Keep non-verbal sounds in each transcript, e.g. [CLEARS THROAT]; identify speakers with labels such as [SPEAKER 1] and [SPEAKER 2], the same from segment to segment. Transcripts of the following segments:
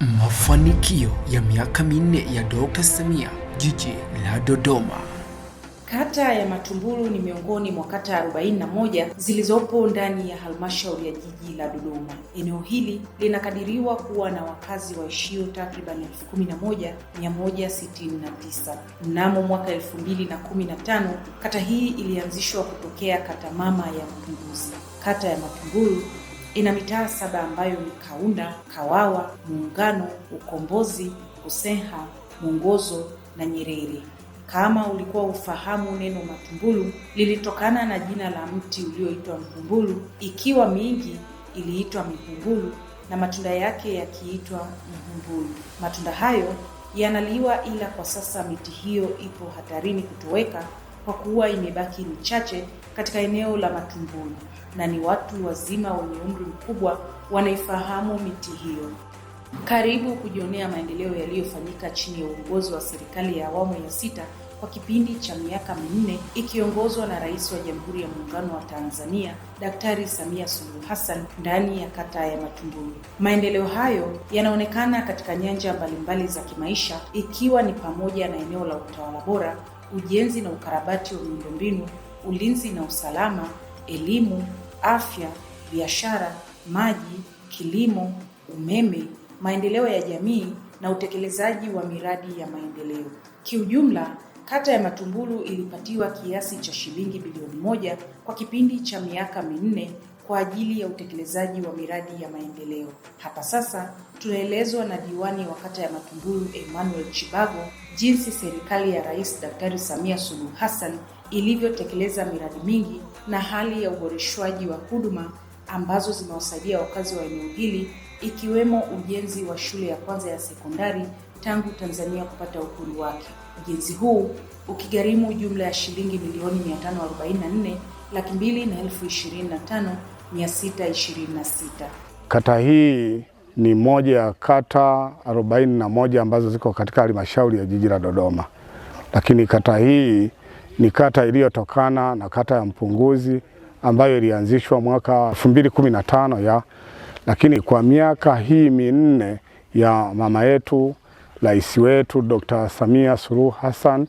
[SPEAKER 1] Mafanikio ya miaka minne ya Dkt. Samia jiji la Dodoma. Kata ya Matumbulu ni miongoni mwa kata 41 zilizopo ndani ya halmashauri ya jiji la Dodoma. Eneo hili linakadiriwa kuwa na wakazi waishio takribani 11169. Mnamo mwaka 2015 kata hii ilianzishwa kutokea kata mama ya mpunguzi Kata ya Matumbulu ina mitaa saba ambayo ni Kaunda, Kawawa, Muungano, Ukombozi, kuseha Mwongozo na Nyerere. Kama ulikuwa ufahamu, neno Matumbulu lilitokana na jina la mti ulioitwa mbumbulu, ikiwa mingi iliitwa mibumbulu na matunda yake yakiitwa mbumbulu. Matunda hayo yanaliwa, ila kwa sasa miti hiyo ipo hatarini kutoweka kwa kuwa imebaki michache katika eneo la Matumbulu na ni watu wazima wenye umri mkubwa wanaifahamu miti hiyo. Karibu kujionea maendeleo yaliyofanyika chini ya uongozi wa serikali ya awamu ya sita kwa kipindi cha miaka minne ikiongozwa na Rais wa Jamhuri ya Muungano wa Tanzania Daktari Samia Suluhu Hassan ndani ya kata ya Matumbuni. Maendeleo hayo yanaonekana katika nyanja mbalimbali za kimaisha ikiwa ni pamoja na eneo la utawala bora ujenzi na ukarabati wa miundombinu, ulinzi na usalama, elimu, afya, biashara, maji, kilimo, umeme, maendeleo ya jamii na utekelezaji wa miradi ya maendeleo. Kiujumla, kata ya Matumbulu ilipatiwa kiasi cha shilingi bilioni moja kwa kipindi cha miaka minne kwa ajili ya utekelezaji wa miradi ya maendeleo. Hapa sasa tunaelezwa na diwani wa kata ya Matunduru Emmanuel Chibago jinsi serikali ya Rais Daktari Samia Suluhu Hassan ilivyotekeleza miradi mingi na hali ya uboreshwaji wa huduma ambazo zimewasaidia wakazi wa eneo hili ikiwemo ujenzi wa shule ya kwanza ya sekondari tangu Tanzania kupata uhuru wake. Ujenzi huu ukigharimu jumla ya shilingi milioni 544 laki mbili na elfu ishirini na tano 626.
[SPEAKER 2] Kata hii ni moja ya kata 41 ambazo ziko katika halmashauri ya jiji la Dodoma, lakini kata hii ni kata iliyotokana na kata ya Mpunguzi ambayo ilianzishwa mwaka 2015 ya lakini kwa miaka hii minne ya mama yetu rais wetu Dr. Samia Suluhu Hassan,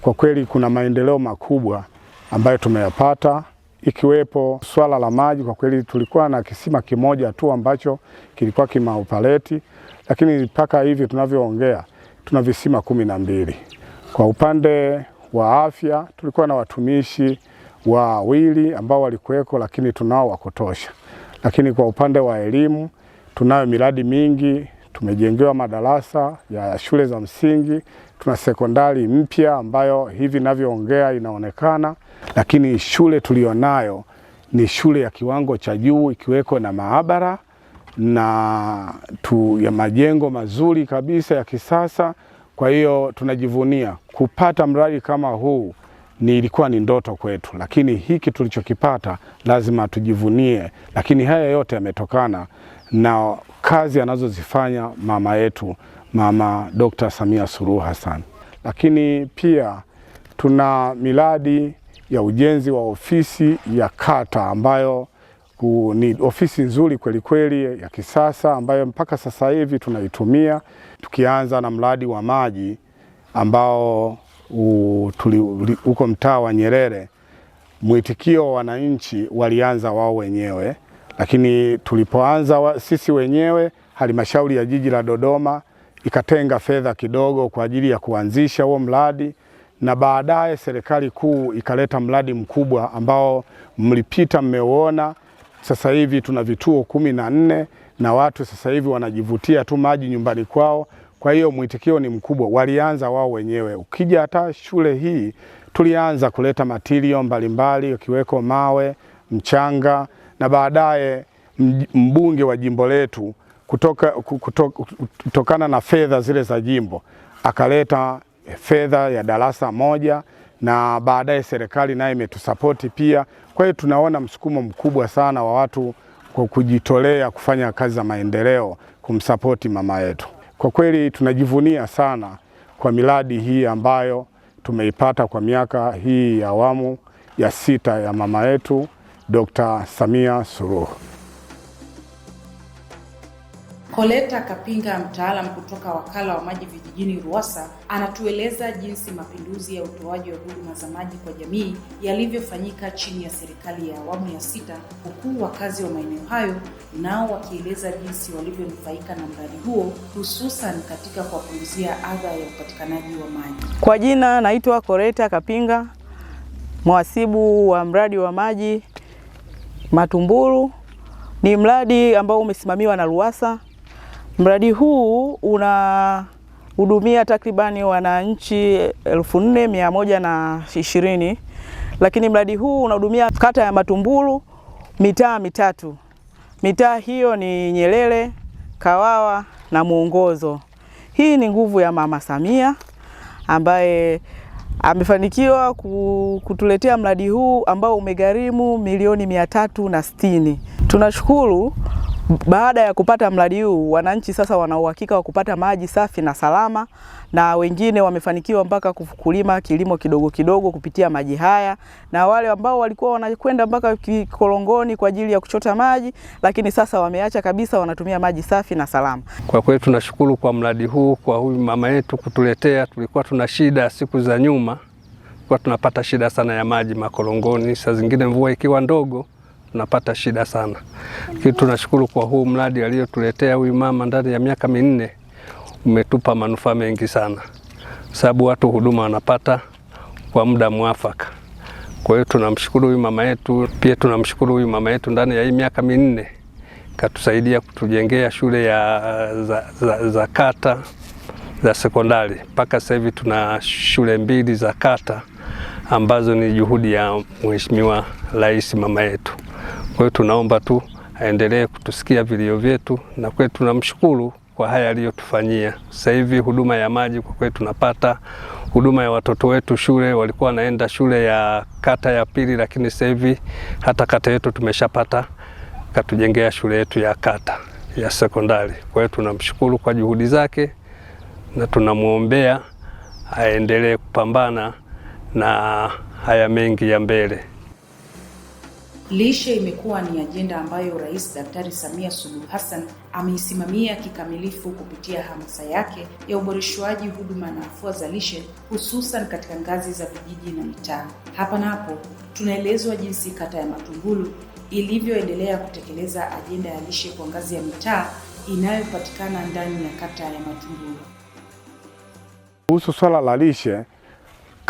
[SPEAKER 2] kwa kweli kuna maendeleo makubwa ambayo tumeyapata ikiwepo swala la maji. Kwa kweli tulikuwa na kisima kimoja tu ambacho kilikuwa kimaopaleti, lakini mpaka hivi tunavyoongea tuna visima kumi na mbili. Kwa upande wa afya tulikuwa na watumishi wawili ambao walikuweko, lakini tunao wa kutosha. Lakini kwa upande wa elimu tunayo miradi mingi, tumejengewa madarasa ya shule za msingi, tuna sekondari mpya ambayo hivi navyoongea inaonekana lakini shule tuliyonayo ni shule ya kiwango cha juu ikiweko na maabara na tu ya majengo mazuri kabisa ya kisasa. Kwa hiyo tunajivunia kupata mradi kama huu, ni ilikuwa ni ndoto kwetu, lakini hiki tulichokipata lazima tujivunie. Lakini haya yote yametokana na kazi anazozifanya mama yetu, Mama Dr. Samia Suluhu Hassan. Lakini pia tuna miradi ya ujenzi wa ofisi ya kata ambayo ni ofisi nzuri kweli kweli ya kisasa ambayo mpaka sasa hivi tunaitumia, tukianza na mradi wa maji ambao uko mtaa wa Nyerere. Mwitikio wa wananchi walianza wao wenyewe, lakini tulipoanza wa, sisi wenyewe, halmashauri ya jiji la Dodoma ikatenga fedha kidogo kwa ajili ya kuanzisha huo mradi na baadaye serikali kuu ikaleta mradi mkubwa ambao mlipita mmeuona. Sasa hivi tuna vituo kumi na nne na watu sasa hivi wanajivutia tu maji nyumbani kwao. Kwa hiyo mwitikio ni mkubwa, walianza wao wenyewe. Ukija hata shule hii tulianza kuleta matirio mbalimbali, ukiweko mawe, mchanga na baadaye mbunge wa jimbo letu kutoka, kutoka, kutokana na fedha zile za jimbo akaleta Eh, fedha ya darasa moja na baadaye serikali nayo imetusapoti pia. Kwa hiyo tunaona msukumo mkubwa sana wa watu kwa kujitolea kufanya kazi za maendeleo kumsapoti mama yetu. Kwa kweli tunajivunia sana kwa miradi hii ambayo tumeipata kwa miaka hii ya awamu ya sita ya mama yetu Dr. Samia Suluhu.
[SPEAKER 1] Koleta Kapinga, mtaalam kutoka wakala wa maji vijijini RUWASA, anatueleza jinsi mapinduzi ya utoaji wa huduma za maji kwa jamii yalivyofanyika chini ya serikali ya awamu ya sita, huku wakazi wa maeneo hayo nao wakieleza jinsi walivyonufaika na mradi huo, hususan katika kuwapunguzia adha ya upatikanaji wa maji.
[SPEAKER 3] Kwa jina naitwa Koleta Kapinga, mhasibu wa mradi wa maji matumburu Ni mradi ambao umesimamiwa na RUWASA Mradi huu unahudumia takribani wananchi elfu nne mia moja na ishirini lakini mradi huu unahudumia kata ya Matumbulu mitaa mitatu. Mitaa hiyo ni Nyerere, Kawawa na Mwongozo. Hii ni nguvu ya Mama Samia ambaye amefanikiwa kutuletea mradi huu ambao umegharimu milioni mia tatu na sitini. Tunashukuru baada ya kupata mradi huu, wananchi sasa wana uhakika wa kupata maji safi na salama, na wengine wamefanikiwa mpaka kulima kilimo kidogo kidogo kupitia maji haya, na wale ambao walikuwa wanakwenda mpaka kikorongoni kwa ajili ya kuchota maji, lakini sasa wameacha kabisa, wanatumia maji safi na salama.
[SPEAKER 2] Kwa kweli tunashukuru kwa mradi huu, kwa huyu mama yetu kutuletea. Tulikuwa tuna shida siku za nyuma, kwa tunapata shida sana ya maji makorongoni, saa zingine mvua ikiwa ndogo tunapata shida sana, lakini tunashukuru kwa huu mradi aliyotuletea huyu mama ndani ya miaka minne umetupa manufaa mengi sana, sababu watu huduma wanapata kwa muda mwafaka. Kwa hiyo tunamshukuru huyu mama yetu, pia tunamshukuru huyu mama yetu ndani ya hii miaka minne katusaidia kutujengea shule ya za, za, za kata za sekondari. Mpaka sasa hivi tuna shule mbili za kata ambazo ni juhudi ya Mheshimiwa Rais mama yetu. Kwa hiyo tunaomba tu aendelee kutusikia vilio vyetu na kwetu tunamshukuru kwa haya aliyotufanyia. Sasa hivi huduma ya maji kwa kweli tunapata huduma ya watoto wetu shule, walikuwa wanaenda shule ya kata ya pili, lakini sasa hivi hata kata yetu tumeshapata, katujengea shule yetu ya kata ya sekondari. Kwa hiyo tunamshukuru kwa juhudi zake na tunamwombea aendelee kupambana na haya mengi ya mbele.
[SPEAKER 1] Lishe imekuwa ni ajenda ambayo Rais Daktari Samia Suluhu Hassan ameisimamia kikamilifu kupitia hamasa yake ya uboreshwaji huduma na afua za lishe hususan katika ngazi za vijiji na mitaa. Hapa na hapo tunaelezwa jinsi kata ya Matungulu ilivyoendelea kutekeleza ajenda ya lishe kwa ngazi ya mitaa inayopatikana ndani ya kata ya Matungulu.
[SPEAKER 2] Kuhusu swala la lishe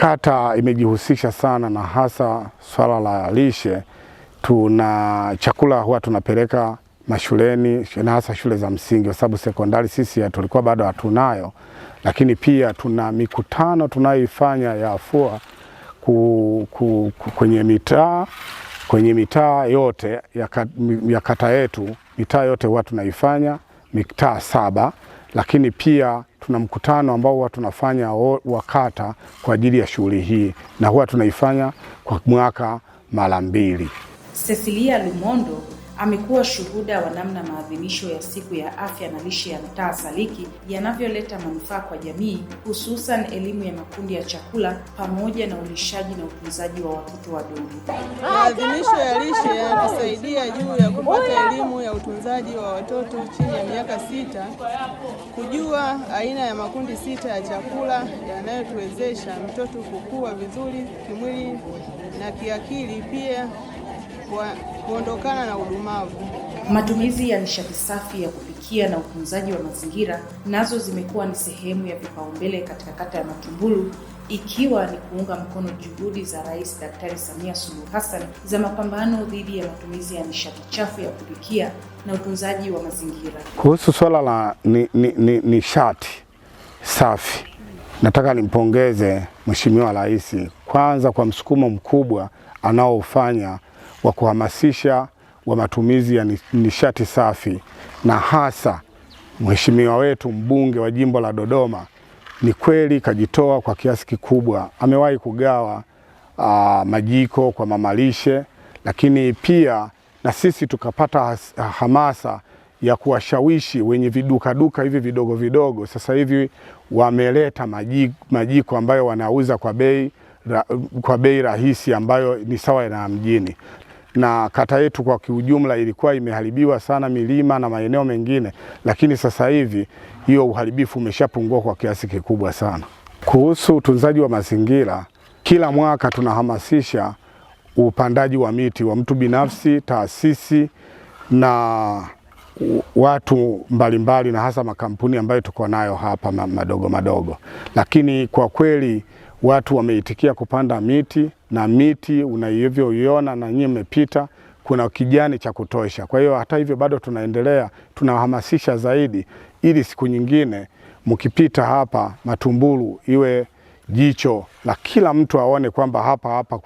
[SPEAKER 2] Kata imejihusisha sana na hasa swala la lishe. Tuna chakula huwa tunapeleka mashuleni na hasa shule za msingi, kwa sababu sekondari sisi tulikuwa bado hatunayo, lakini pia tuna mikutano tunayoifanya ya afua ku, ku, ku, kwenye mitaa kwenye mitaa yote ya kata yetu, mitaa yote huwa tunaifanya mitaa saba lakini pia tuna mkutano ambao huwa tunafanya wakata kwa ajili ya shughuli hii na huwa tunaifanya kwa mwaka mara mbili.
[SPEAKER 1] Cecilia Lumondo amekuwa shuhuda wa namna maadhimisho ya siku ya afya na lishe ya mtaa Saliki yanavyoleta manufaa kwa jamii, hususan elimu ya makundi ya chakula pamoja na ulishaji na utunzaji wa watoto wadogo.
[SPEAKER 4] Maadhimisho ya lishe yanasaidia juu ya kupata elimu ya utunzaji wa watoto chini ya miaka sita, kujua aina ya makundi sita ya chakula yanayotuwezesha mtoto kukua vizuri kimwili na kiakili pia kuondokana na udumavu.
[SPEAKER 1] Matumizi ya nishati safi ya kupikia na utunzaji wa mazingira nazo zimekuwa ni sehemu ya vipaumbele katika kata ya Matumbulu ikiwa ni kuunga mkono juhudi za Rais Daktari Samia Suluhu Hassan za mapambano dhidi ya matumizi ya nishati chafu ya kupikia na utunzaji wa mazingira.
[SPEAKER 2] Kuhusu swala la nishati ni, ni, ni safi, nataka nimpongeze Mheshimiwa Rais kwanza kwa msukumo mkubwa anaofanya wa kuhamasisha wa matumizi ya nishati safi, na hasa mheshimiwa wetu mbunge wa jimbo la Dodoma ni kweli kajitoa kwa kiasi kikubwa, amewahi kugawa aa, ah, majiko kwa mamalishe, lakini pia na sisi tukapata hamasa ya kuwashawishi wenye vidukaduka hivi vidogo vidogo. Sasa hivi wameleta majiko, majiko ambayo wanauza kwa bei, kwa bei rahisi ambayo ni sawa na mjini na kata yetu kwa kiujumla ilikuwa imeharibiwa sana, milima na maeneo mengine, lakini sasa hivi hiyo uharibifu umeshapungua kwa kiasi kikubwa sana. Kuhusu utunzaji wa mazingira, kila mwaka tunahamasisha upandaji wa miti wa mtu binafsi, taasisi na watu mbalimbali mbali na hasa makampuni ambayo tuko nayo hapa madogo madogo, lakini kwa kweli watu wameitikia kupanda miti na miti unavyoiona na nyinyi mmepita, kuna kijani cha kutosha. Kwa hiyo hata hivyo bado tunaendelea, tunahamasisha zaidi, ili siku nyingine mkipita hapa Matumbulu iwe jicho la kila mtu aone kwamba hapa hapa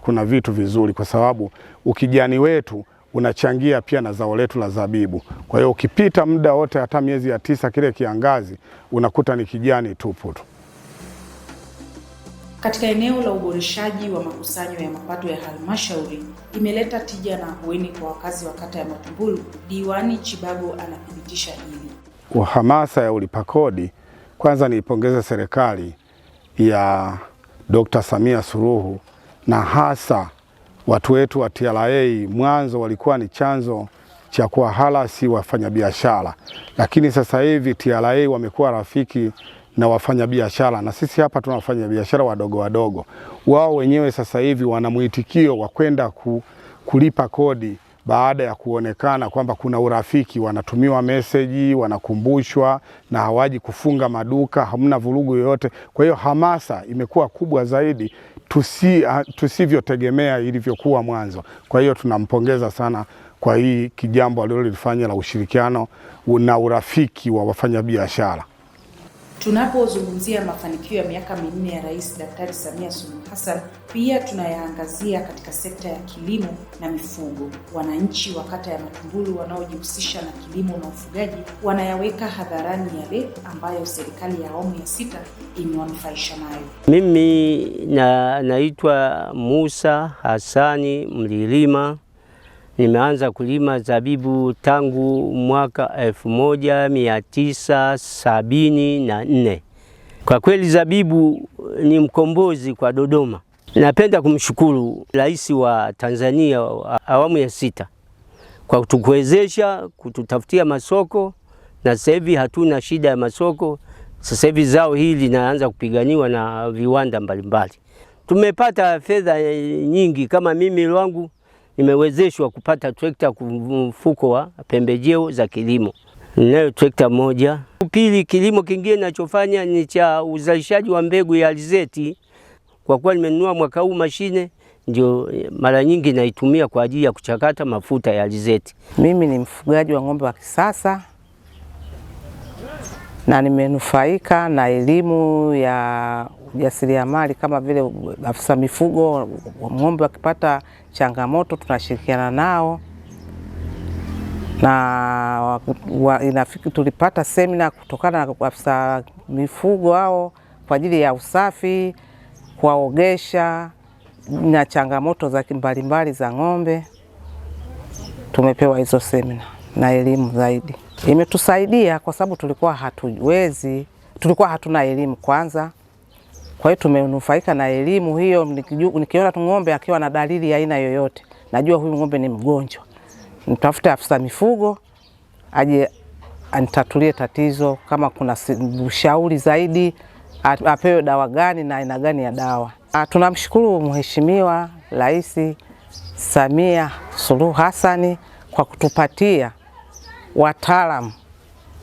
[SPEAKER 2] kuna vitu vizuri, kwa sababu ukijani wetu unachangia pia na zao letu la zabibu. Kwa hiyo ukipita muda wote hata miezi ya tisa kile kiangazi unakuta ni kijani tupu tu.
[SPEAKER 1] Katika eneo la uboreshaji wa makusanyo ya mapato ya halmashauri imeleta tija na ahueni kwa wakazi wa kata ya Matumbulu. Diwani Chibago anathibitisha hili.
[SPEAKER 2] Kwa hamasa ya ulipa kodi, kwanza niipongeze serikali ya Dr. Samia Suluhu na hasa watu wetu wa TRA mwanzo walikuwa ni chanzo cha kuwa halasi wafanyabiashara, lakini sasa hivi TRA wamekuwa rafiki na wafanyabiashara, na sisi hapa tuna wafanyabiashara wadogo wadogo. Wao wenyewe sasa hivi wana mwitikio wa kwenda ku, kulipa kodi baada ya kuonekana kwamba kuna urafiki, wanatumiwa meseji, wanakumbushwa na hawaji kufunga maduka, hamna vurugu yoyote. Kwa hiyo hamasa imekuwa kubwa zaidi tusi, tusivyotegemea ilivyokuwa mwanzo. Kwa hiyo tunampongeza sana kwa hii kijambo alilolifanya la ushirikiano na urafiki wa wafanyabiashara.
[SPEAKER 1] Tunapozungumzia mafanikio ya miaka minne ya Rais Daktari Samia Suluhu Hassan, pia tunayaangazia katika sekta ya kilimo na mifugo. Wananchi wa kata ya Matumbulu wanaojihusisha na kilimo na ufugaji wanayaweka hadharani yale ambayo serikali ya awamu ya sita imewanufaisha nayo.
[SPEAKER 5] Mimi na naitwa Musa Hassani Mlilima Nimeanza kulima zabibu tangu mwaka elfu moja mia tisa sabini na nne. Kwa kweli zabibu ni mkombozi kwa Dodoma. Napenda kumshukuru Rais wa Tanzania awamu ya sita kwa kutukuwezesha kututafutia masoko, na sasa hivi hatuna shida ya masoko. Sasa hivi zao hili linaanza kupiganiwa na viwanda mbalimbali. Tumepata fedha nyingi, kama mimi lwangu nimewezeshwa kupata trekta mfuko wa pembejeo za kilimo. Ninayo trekta moja. Pili, kilimo kingine ninachofanya ni cha uzalishaji wa mbegu ya alizeti. Kwa kuwa nimenunua mwaka huu mashine, ndio mara nyingi naitumia kwa ajili ya kuchakata mafuta ya alizeti. Mimi ni mfugaji wa ng'ombe wa kisasa na nimenufaika na elimu ya ujasiriamali kama vile afisa mifugo, ng'ombe wakipata changamoto tunashirikiana nao na wa, inafiki, tulipata semina kutokana na afisa mifugo hao kwa ajili ya usafi, kuwaogesha na changamoto za mbalimbali za ng'ombe. Tumepewa hizo semina na elimu zaidi. Imetusaidia kwa sababu tulikuwa hatuwezi, tulikuwa hatuna elimu kwanza. Kwa hiyo tumenufaika na elimu hiyo. Nikiona ng'ombe akiwa na dalili ya aina yoyote, najua huyu ng'ombe ni mgonjwa, nitafute afisa mifugo aje anitatulie tatizo, kama kuna ushauri zaidi, apewe dawa gani na aina gani ya dawa. Tunamshukuru Mheshimiwa Rais Samia Suluhu Hassan kwa kutupatia wataalam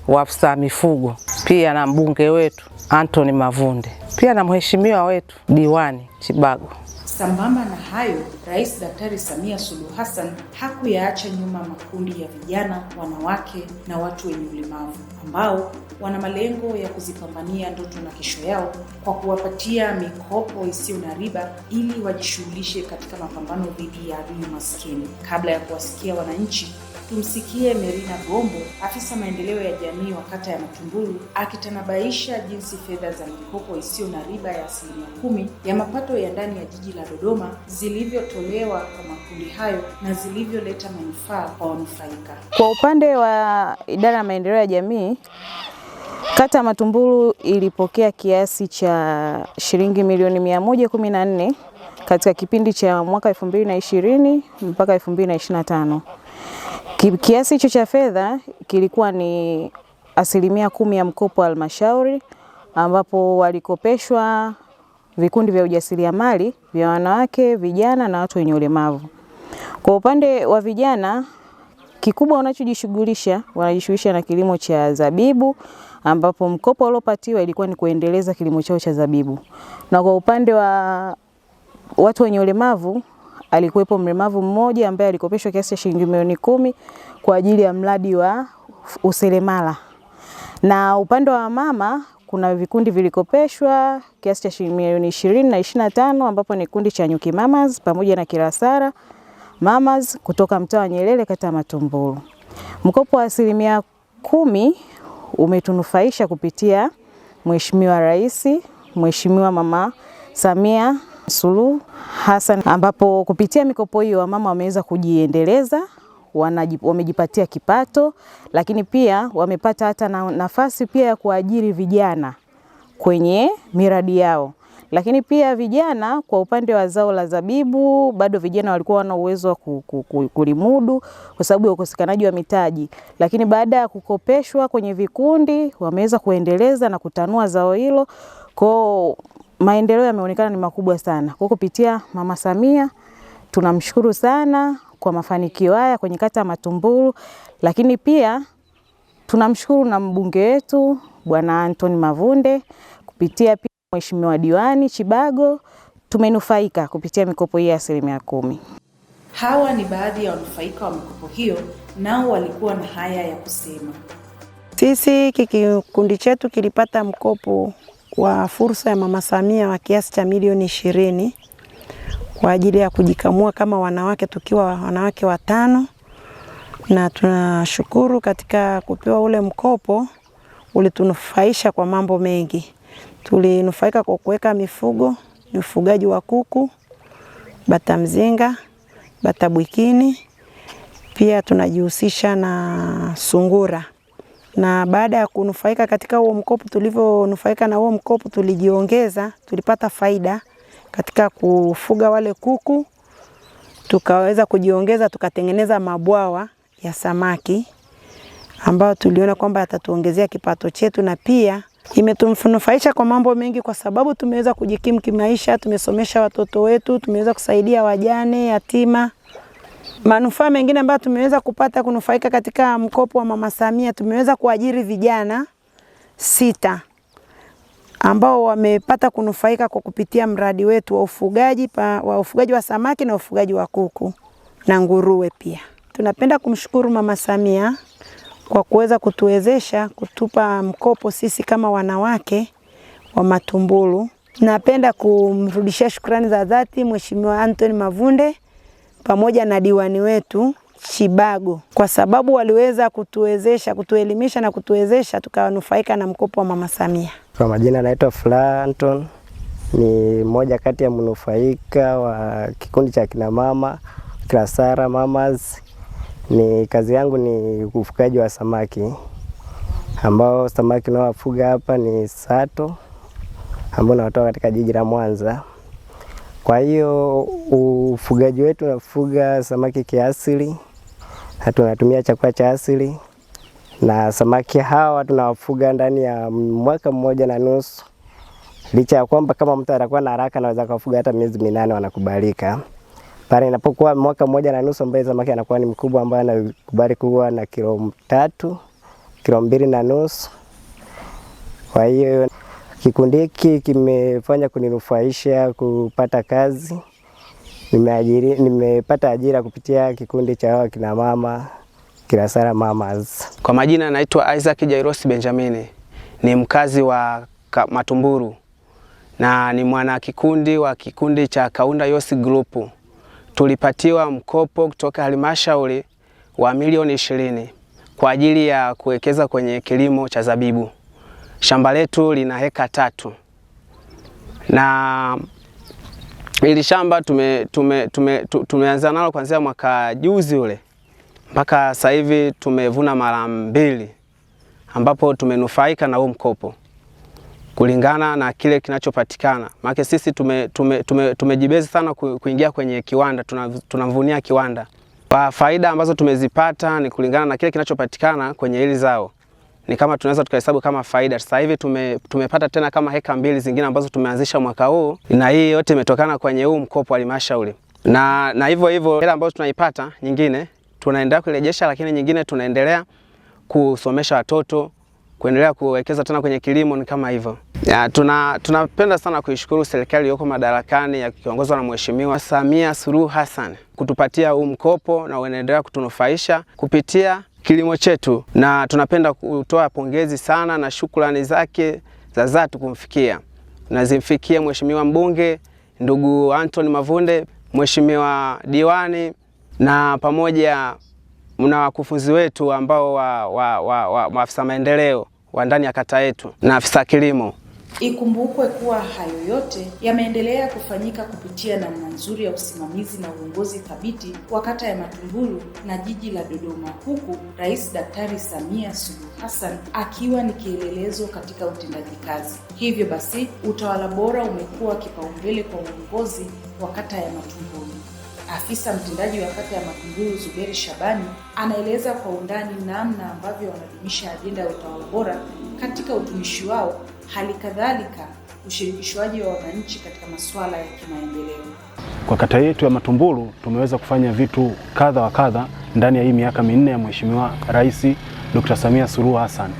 [SPEAKER 5] wafsa mifugo pia na mbunge wetu Anthony Mavunde pia na mheshimiwa wetu diwani Chibago.
[SPEAKER 1] Sambamba na hayo, Rais Daktari Samia Suluhu Hassan hakuyaacha nyuma makundi ya vijana, wanawake na watu wenye ulemavu ambao wana malengo ya kuzipambania ndoto na kesho yao kwa kuwapatia mikopo isiyo na riba ili wajishughulishe katika mapambano dhidi ya adui maskini. Kabla ya kuwasikia wananchi tumsikie Merina Gombo, afisa maendeleo ya jamii wa kata ya Matumbulu, akitanabaisha jinsi fedha za mikopo isiyo na riba ya asilimia kumi ya mapato ya ndani ya jiji la Dodoma zilivyotolewa kwa makundi hayo na zilivyoleta manufaa kwa wanufaika.
[SPEAKER 3] Kwa upande wa idara ya maendeleo ya jamii Kata ya Matumbulu ilipokea kiasi cha shilingi milioni 114 katika kipindi cha mwaka 2020 mpaka 2025. Kiasi hicho cha fedha kilikuwa ni asilimia kumi ya mkopo wa halmashauri, ambapo walikopeshwa vikundi vya ujasiriamali vya wanawake, vijana na watu wenye ulemavu. Kwa upande wa vijana, kikubwa wanachojishughulisha wanajishughulisha na kilimo cha zabibu, ambapo mkopo waliopatiwa ilikuwa ni kuendeleza kilimo chao cha zabibu, na kwa upande wa watu wenye ulemavu alikuwepo mlemavu mmoja ambaye alikopeshwa kiasi cha shilingi milioni kumi kwa ajili ya mradi wa useremala, na upande wa mama kuna vikundi vilikopeshwa kiasi cha shilingi milioni ishirini na ishirini na tano ambapo ni kundi cha Nyuki Mamas pamoja na Kirasara Mamas kutoka mtaa wa Nyerere kata ya Matumbulu. Mkopo wa asilimia kumi umetunufaisha kupitia Mheshimiwa Rais, Mheshimiwa Mama Samia Suluhu Hassan, ambapo kupitia mikopo hiyo wamama wameweza kujiendeleza wamejipatia kipato, lakini pia wamepata hata na nafasi pia ya kuajiri vijana kwenye miradi yao. Lakini pia vijana kwa upande wa zao la zabibu, bado vijana walikuwa wana uwezo wa kulimudu kwa sababu ya ukosekanaji wa mitaji, lakini baada ya kukopeshwa kwenye vikundi wameweza kuendeleza na kutanua zao hilo kwao maendeleo yameonekana ni makubwa sana kwa kupitia Mama Samia. Tunamshukuru sana kwa mafanikio haya kwenye kata ya Matumbulu, lakini pia tunamshukuru na mbunge wetu Bwana Anthony Mavunde kupitia pia Mheshimiwa diwani Chibago, tumenufaika kupitia mikopo hii ya asilimia kumi.
[SPEAKER 1] Hawa ni baadhi ya wanufaika wa mikopo hiyo, nao walikuwa na haya ya kusema.
[SPEAKER 3] Sisi kikundi chetu kilipata mkopo wa fursa ya Mama Samia wa kiasi cha milioni ishirini kwa ajili ya kujikamua kama wanawake tukiwa wanawake watano, na tunashukuru katika kupewa ule mkopo ulitunufaisha kwa mambo mengi. Tulinufaika kwa kuweka mifugo, ni ufugaji wa kuku, bata mzinga, bata bwikini, pia tunajihusisha na sungura na baada ya kunufaika katika huo mkopo, tulivyonufaika na huo mkopo tulijiongeza, tulipata faida katika kufuga wale kuku, tukaweza kujiongeza, tukatengeneza mabwawa ya samaki ambayo tuliona kwamba yatatuongezea kipato chetu, na pia imetunufaisha kwa mambo mengi, kwa sababu tumeweza kujikimu kimaisha, tumesomesha watoto wetu, tumeweza kusaidia wajane, yatima Manufaa mengine ambayo tumeweza kupata kunufaika katika mkopo wa Mama Samia, tumeweza kuajiri vijana sita ambao wamepata kunufaika kwa kupitia mradi wetu wa ufugaji pa, wa ufugaji wa samaki na ufugaji wa kuku na nguruwe pia. Tunapenda kumshukuru Mama Samia kwa kuweza kutuwezesha kutupa mkopo sisi kama wanawake wa Matumbulu. Napenda kumrudishia shukrani za dhati Mheshimiwa Anthony Mavunde pamoja na diwani wetu Chibago kwa sababu waliweza kutuwezesha, kutuelimisha na kutuwezesha tukawanufaika na mkopo wa Mama Samia.
[SPEAKER 5] Kwa majina naitwa Furaha Anton, ni mmoja kati ya mnufaika wa kikundi cha kina mama Klasara Mamas. Ni kazi yangu ni ufugaji wa samaki, ambao samaki unaowafuga hapa ni sato ambao nawatoa katika jiji la Mwanza. Kwa hiyo ufugaji wetu unafuga samaki kiasili, tunatumia chakula cha asili na samaki hawa tunawafuga ndani ya mwaka mmoja na nusu. Licha ya kwamba kama mtu atakuwa na haraka anaweza kufuga hata miezi minane, wanakubalika pale inapokuwa mwaka mmoja na nusu, ambaye samaki anakuwa ni mkubwa, ambaye anakubali kuwa na kilo tatu, kilo mbili na nusu. Kwa hiyo Kikundi hiki kimefanya kuninufaisha kupata kazi. Nimeajiri, nimepata ajira kupitia kikundi cha kina mama Kirasara Mamas.
[SPEAKER 6] Kwa majina naitwa Isaac Jairosi Benjamini, ni mkazi wa Matumburu na ni mwana kikundi wa kikundi cha Kaunda Yosi Group. Tulipatiwa mkopo kutoka halmashauri wa milioni ishirini kwa ajili ya kuwekeza kwenye kilimo cha zabibu. Shamba letu lina heka tatu na hili shamba tume, tume, tume, tumeanza nalo kuanzia mwaka juzi ule mpaka sasa hivi tumevuna mara mbili, ambapo tumenufaika na huu mkopo kulingana na kile kinachopatikana. Maana sisi tumejibezi tume, tume, tume sana kuingia kwenye kiwanda, tunamvunia kiwanda. Kwa faida ambazo tumezipata ni kulingana na kile kinachopatikana kwenye hili zao ni kama tunaweza tukahesabu kama faida. Sasa hivi tume, tumepata tena kama heka mbili zingine ambazo tumeanzisha mwaka huu, na hii yote imetokana kwenye huu mkopo wa halmashauri, na na hivyo hivyo hela ambazo tunaipata nyingine tunaendelea kurejesha, lakini nyingine tunaendelea kusomesha watoto kuendelea kuwekeza tena kwenye kilimo. Ni kama hivyo tuna tunapenda sana kuishukuru serikali iliyoko madarakani ya kiongozwa na Mheshimiwa Samia Suluhu Hassan kutupatia huu mkopo na unaendelea kutunufaisha kupitia kilimo chetu, na tunapenda kutoa pongezi sana na shukrani zake za dhati kumfikia na zimfikie Mheshimiwa mbunge ndugu Anton Mavunde, Mheshimiwa diwani na pamoja na wakufunzi wetu ambao wa, wa, wa, wa, maafisa maendeleo wa ndani ya kata yetu na afisa kilimo.
[SPEAKER 1] Ikumbukwe kuwa hayo yote yameendelea kufanyika kupitia namna nzuri ya usimamizi na uongozi thabiti wa kata ya Matumbulu na jiji la Dodoma, huku Rais Daktari Samia Suluhu Hassan akiwa ni kielelezo katika utendaji kazi. Hivyo basi, utawala bora umekuwa kipaumbele kwa uongozi wa kata ya Matumbulu. Afisa mtendaji wa kata ya Matumbulu Zuberi Shabani anaeleza kwa undani namna ambavyo wanadumisha ajenda ya utawala bora katika utumishi wao hali kadhalika ushirikishwaji wa wananchi katika masuala ya kimaendeleo.
[SPEAKER 7] Kwa kata yetu ya Matumbulu tumeweza kufanya vitu kadha wa kadha ndani ya hii miaka minne ya Mheshimiwa Rais Dr. Samia Suluhu Hassan,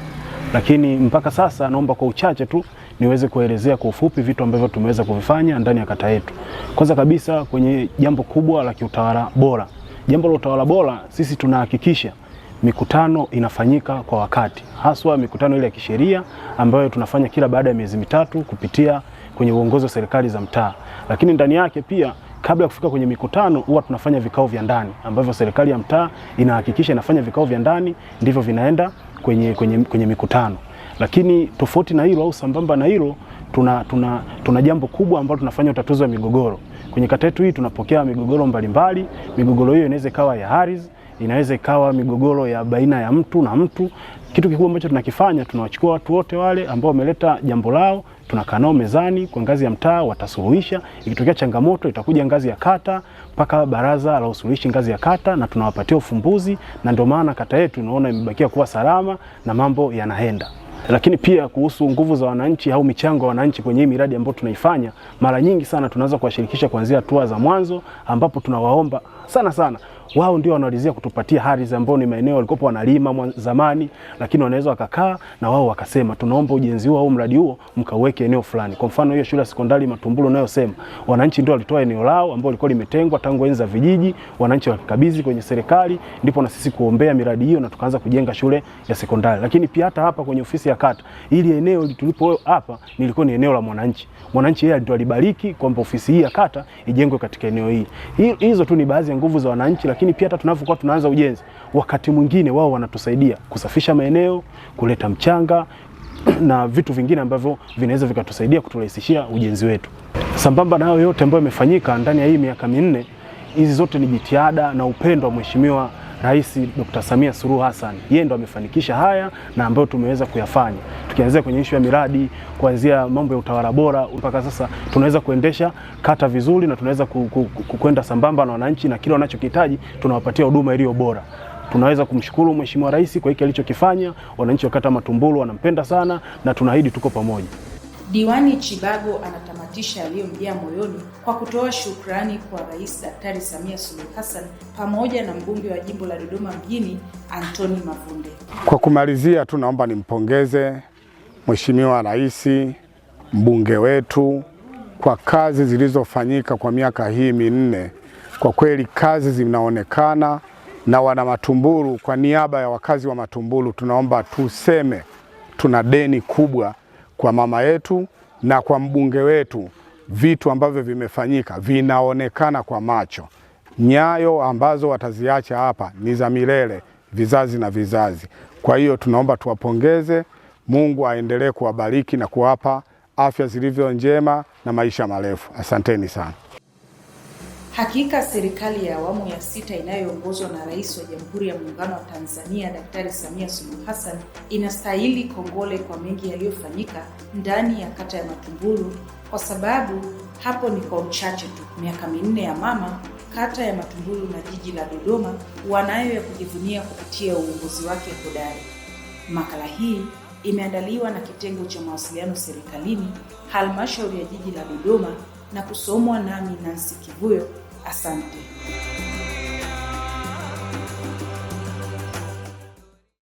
[SPEAKER 7] lakini mpaka sasa naomba kwa uchache tu niweze kuelezea kwa ufupi vitu ambavyo tumeweza kuvifanya ndani ya kata yetu. Kwanza kabisa kwenye jambo kubwa la kiutawala bora, jambo la utawala bora, sisi tunahakikisha mikutano inafanyika kwa wakati, haswa mikutano ile ya kisheria ambayo tunafanya kila baada ya miezi mitatu kupitia kwenye uongozi wa serikali za mtaa. Lakini ndani yake pia, kabla ya kufika kwenye mikutano, huwa tunafanya vikao vya ndani ambavyo serikali ya mtaa inahakikisha inafanya vikao vya ndani, ndivyo vinaenda kwenye, kwenye, kwenye mikutano. Lakini tofauti na hilo au sambamba na hilo tuna, tuna, tuna jambo kubwa ambalo tunafanya utatuzi wa migogoro kwenye kata yetu hii. Tunapokea migogoro mbalimbali. Migogoro hiyo inaweza ikawa ya ardhi inaweza ikawa migogoro ya baina ya mtu na mtu. Kitu kikubwa ambacho tunakifanya tunawachukua watu wote wale ambao wameleta jambo lao, tunakaa nao mezani kwa ngazi ya mtaa, watasuluhisha. Ikitokea changamoto, itakuja ngazi ya kata mpaka baraza la usuluhishi ngazi ya kata, na tunawapatia ufumbuzi, na ndio maana kata yetu unaona imebakia kuwa salama na mambo yanaenda lakini pia kuhusu nguvu za wananchi au michango ya wananchi kwenye hii miradi ambayo tunaifanya, mara nyingi sana tunaweza kuwashirikisha kuanzia hatua za mwanzo, ambapo tunawaomba sana sana wao ndio wanalizia kutupatia ardhi ambao ni maeneo walikopo wanalima zamani, lakini wanaweza wakakaa na wao wakasema tunaomba ujenzi huo au mradi huo mkaweke eneo fulani. Kwa mfano hiyo shule ya sekondari Matumbulo unayosema, wananchi ndio walitoa eneo lao ambao lilikuwa limetengwa tangu enzi za vijiji, wananchi wakikabidhi kwenye serikali, ndipo na sisi kuombea miradi hiyo na tukaanza kujenga shule ya sekondari. Lakini pia hata hapa kwenye ofisi ya kata, ili eneo tulipo hapa nilikuwa ni eneo la mwananchi. Mwananchi yeye ndio alibariki kwamba ofisi hii ya kata ijengwe katika eneo hili. Hizo tu ni baadhi ya nguvu za wananchi lakini pia hata tunavyokuwa tunaanza ujenzi, wakati mwingine wao wanatusaidia kusafisha maeneo, kuleta mchanga [CLEARS THROAT] na vitu vingine ambavyo vinaweza vikatusaidia kuturahisishia ujenzi wetu. Sambamba na hayo yote ambayo imefanyika ndani ya hii miaka minne, hizi zote ni jitihada na upendo wa mheshimiwa Rais Dr. Samia Suluhu Hassan, yeye ndo amefanikisha haya na ambayo tumeweza kuyafanya, tukianzia kwenye ishu ya miradi, kuanzia mambo ya utawala bora mpaka sasa tunaweza kuendesha kata vizuri na tunaweza kwenda sambamba na wananchi, na kile wanachokihitaji tunawapatia huduma iliyo bora. Tunaweza kumshukuru Mheshimiwa Rais kwa hiki alichokifanya. Wananchi wa kata Matumbulu wanampenda sana na tunaahidi tuko pamoja.
[SPEAKER 1] Diwani Chibago anata kubahatisha aliyomjaa moyoni kwa kutoa shukrani kwa Rais Daktari Samia Suluhu Hassan pamoja na mbunge wa jimbo la Dodoma mjini Anthony Mavunde.
[SPEAKER 2] Kwa kumalizia tu, naomba nimpongeze Mheshimiwa Rais, mbunge wetu kwa kazi zilizofanyika kwa miaka hii minne. Kwa kweli kazi zinaonekana na wana Matumbulu, kwa niaba ya wakazi wa Matumbulu tunaomba tuseme tuna deni kubwa kwa mama yetu na kwa mbunge wetu vitu ambavyo vimefanyika vinaonekana kwa macho. Nyayo ambazo wataziacha hapa ni za milele, vizazi na vizazi. Kwa hiyo tunaomba tuwapongeze, Mungu aendelee kuwabariki na kuwapa afya zilivyo njema na maisha marefu. Asanteni sana.
[SPEAKER 1] Hakika serikali ya awamu ya sita inayoongozwa na Rais wa Jamhuri ya Muungano wa Tanzania Daktari Samia Suluhu Hassan inastahili kongole kwa mengi yaliyofanyika ndani ya kata ya Matumbulu, kwa sababu hapo ni kwa uchache tu. Miaka minne ya mama kata ya Matumbulu na jiji la Dodoma wanayo ya kujivunia kupitia uongozi wake hodari. Makala hii imeandaliwa na kitengo cha mawasiliano serikalini, halmashauri ya jiji la Dodoma na kusomwa nami Nancy Kivuyo. Asante.